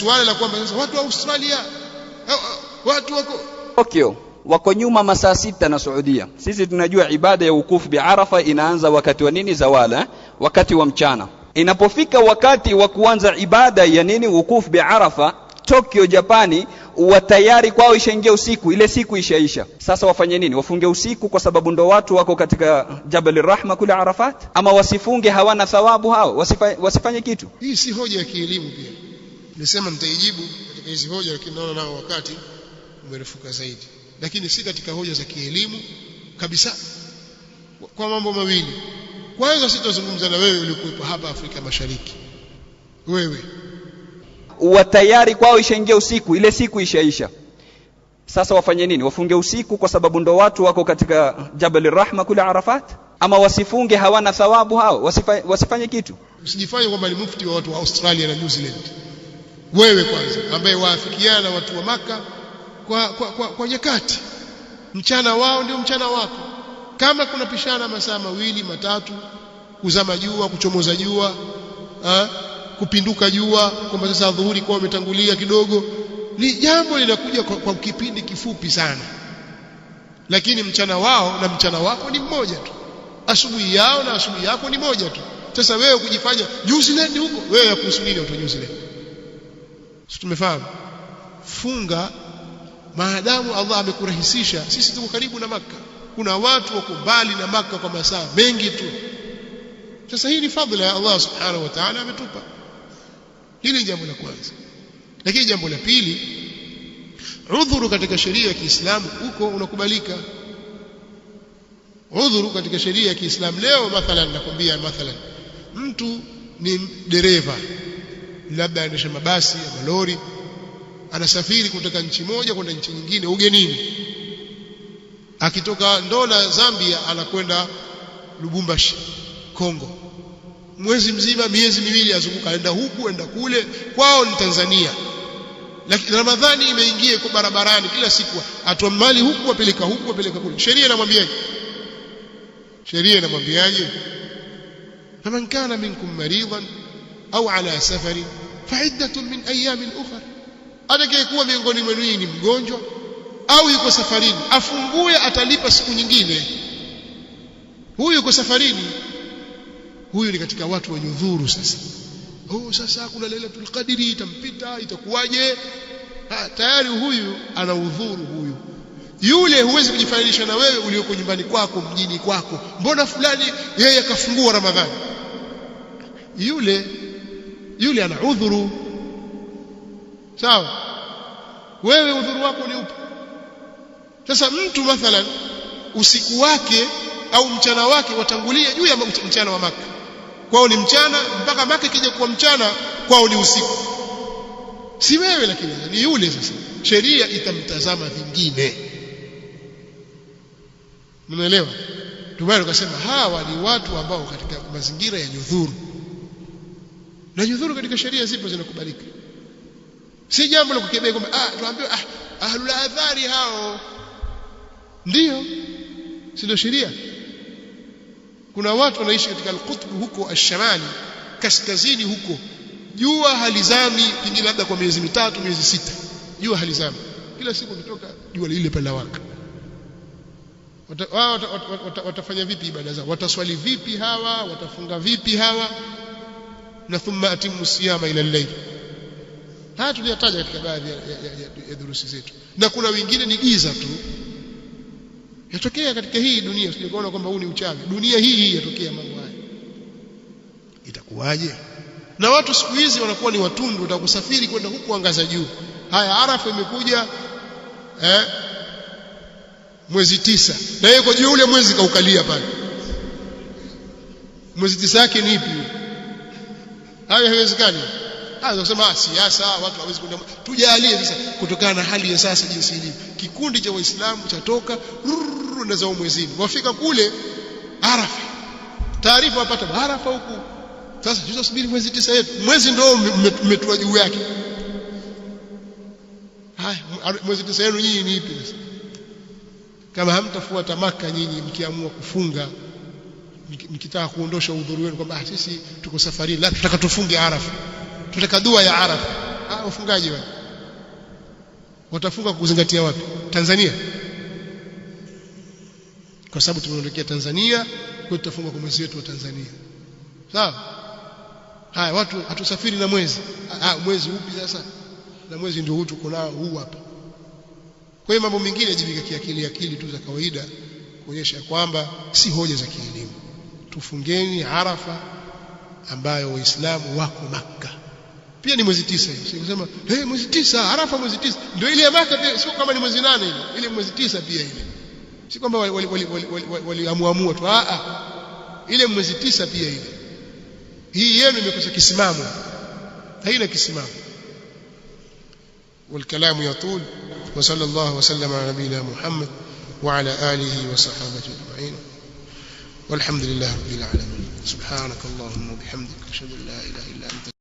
suala la kwamba sasa watu wa Australia eh, eh, watu wako Tokyo wako nyuma masaa sita na Saudia. Sisi tunajua ibada ya wukufu bi Arafa inaanza wakati wa nini? Zawala, eh? wakati wa mchana. Inapofika wakati wa kuanza ibada ya nini? Wukufu bi Arafa, Tokyo Japani wa tayari kwao ishaingia usiku, ile siku ishaisha. Sasa wafanye nini? Wafunge usiku, kwa sababu ndo watu wako katika Jabal Rahma kule Arafat, ama wasifunge? Hawana thawabu hao, wasifanye, wasifanye kitu. Hii si hoja ya kielimu pia nilisema nitaijibu katika hizi hoja lakini naona nao wakati umerefuka zaidi lakini si katika hoja za kielimu kabisa kwa mambo mawili kwanza sitazungumza na wewe uliokuwepo hapa Afrika Mashariki wewe wa tayari kwao ishaingia usiku ile siku ishaisha sasa wafanye nini wafunge usiku kwa sababu ndo watu wako katika Jabal Rahma kule Arafat ama wasifunge hawana thawabu hao wasifanye, wasifanye kitu usijifanye kwamba ni mufti wa watu wa Australia na New Zealand wewe kwanza ambaye waafikiana na watu wa Maka kwa, kwa, kwa, kwa nyakati mchana wao ndio mchana wako kama kuna pishana masaa mawili matatu kuzama jua kuchomoza jua ha? kupinduka jua kwamba sasa dhuhuri kwa umetangulia kidogo ni jambo linakuja kwa, kwa kipindi kifupi sana lakini mchana wao na mchana wako ni mmoja tu asubuhi yao na asubuhi yako ni moja tu sasa wewe kujifanya New Zealand huko wewe yakuhusu nini watu New Zealand tumefahamu funga maadamu Allah amekurahisisha sisi tuko karibu na maka kuna watu wako mbali na maka kwa masaa mengi tu sasa hii ni fadhila ya Allah subhanahu wa ta'ala ametupa hili ni jambo la kwanza lakini jambo la pili udhuru katika sheria ya Kiislamu huko unakubalika udhuru katika sheria ya Kiislamu leo mathalan nakwambia mathalan mtu ni dereva labda aendeshe mabasi ya malori, anasafiri kutoka nchi moja kwenda nchi nyingine ugenini. Akitoka Ndola Zambia, anakwenda Lubumbashi Kongo, mwezi mzima, miezi miwili azunguka, aenda huku aenda kule. Kwao ni Tanzania, lakini Ramadhani imeingia, iko barabarani kila siku, atoa mali huku apeleka huku apeleka kule. Sheria inamwambiaje? Sheria inamwambiaje? faman kana minkum maridan au ala safarin faiddatun min ayamin ukhra atakayekuwa miongoni mwenu ni mgonjwa au yuko safarini afungue atalipa siku nyingine huyu yuko safarini huyu ni katika watu wenye udhuru sasa oh sasa kuna lailatul qadri itampita itakuwaje tayari huyu ana udhuru huyu yule huwezi kujifananisha na wewe ulioko nyumbani kwako mjini kwako mbona fulani yeye akafungua ramadhani yule yule ana udhuru sawa wewe udhuru wako ni upi sasa mtu mathalan usiku wake au mchana wake watangulia juu ya mchana wa maka kwao ni mchana mpaka maka ikija kuwa mchana kwao ni usiku si wewe lakini ni yule sasa sheria itamtazama vingine mnaelewa ndio tukasema hawa ni watu ambao katika mazingira ya nyudhuru na jidhuru katika sheria zipo zinakubalika si jambo la kukebea kwamba ah tuambiwa ah ahlul adhari hao ndio si ndio sheria kuna watu wanaishi katika al huko ashmali kaskazini huko jua halizami pengine labda kwa miezi mitatu miezi sita jua halizami kila siku ukitoka jua lile pale lawaka wao watafanya vipi ibada zao wataswali vipi hawa watafunga vipi hawa na thumma atimu siyama ila al-layl. Haya tuliyataja katika baadhi ya, ya, ya, ya dhurusi zetu, na kuna wengine ni giza tu yatokea katika hii dunia. Sije kwamba huu ni uchawi, dunia hii hii yatokea mambo haya, itakuwaje? Na watu siku hizi wanakuwa ni watundu, utakusafiri kwenda huku angaza juu. Haya, Arafa imekuja eh, mwezi tisa, na yeye kwa juu ule mwezi kaukalia pale. Mwezi tisa yake ni ipi? hayo haiwezekani hayo kusema ah, siasa watu hawezi kuenda tujalie sasa kutokana na hali ya sasa jinsi ilivyo kikundi cha waislamu chatoka na zao mwezini wafika kule arafa taarifa wapata arafa huku sasa tutasubiri mwezi tisa yetu mwezi ndio mmetua juu yake haya mwezi tisa yenu nyinyi ni ipi sasa kama hamtafuata maka nyinyi mkiamua kufunga nikitaka kuondosha udhuru wenu kwamba ah, sisi tuko safarini la tutaka tufunge arafa tutaka dua ya arafa ah ufungaji wewe watafunga kuzingatia wapi Tanzania kwa sababu tumeondokea Tanzania kwa tutafunga kwa mwezi wetu wa Tanzania sawa haya watu hatusafiri na mwezi ah, ah mwezi upi sasa na mwezi ndio huu tuko nao huu hapa kwa hiyo mambo mengine yajibika kiakili akili tu za kawaida kuonyesha kwamba si hoja za kielimu tufungeni arafa ambayo waislamu wako makka pia ni mwezi tisa hiyo sikusema hey, mwezi tisa arafa mwezi tisa ndio ile ya maka pia sio kama ni mwezi nane ile ile mwezi tisa pia ile si kwamba waliamuamua tu aa ile mwezi tisa pia ile hii yenu imekosa kisimamo haina kisimamo والكلام يطول وصلى الله وسلم على نبينا محمد وعلى اله وصحبه اجمعين والحمد لله رب العالمين سبحانك اللهم وبحمدك أشهد أن لا إله إلا أنت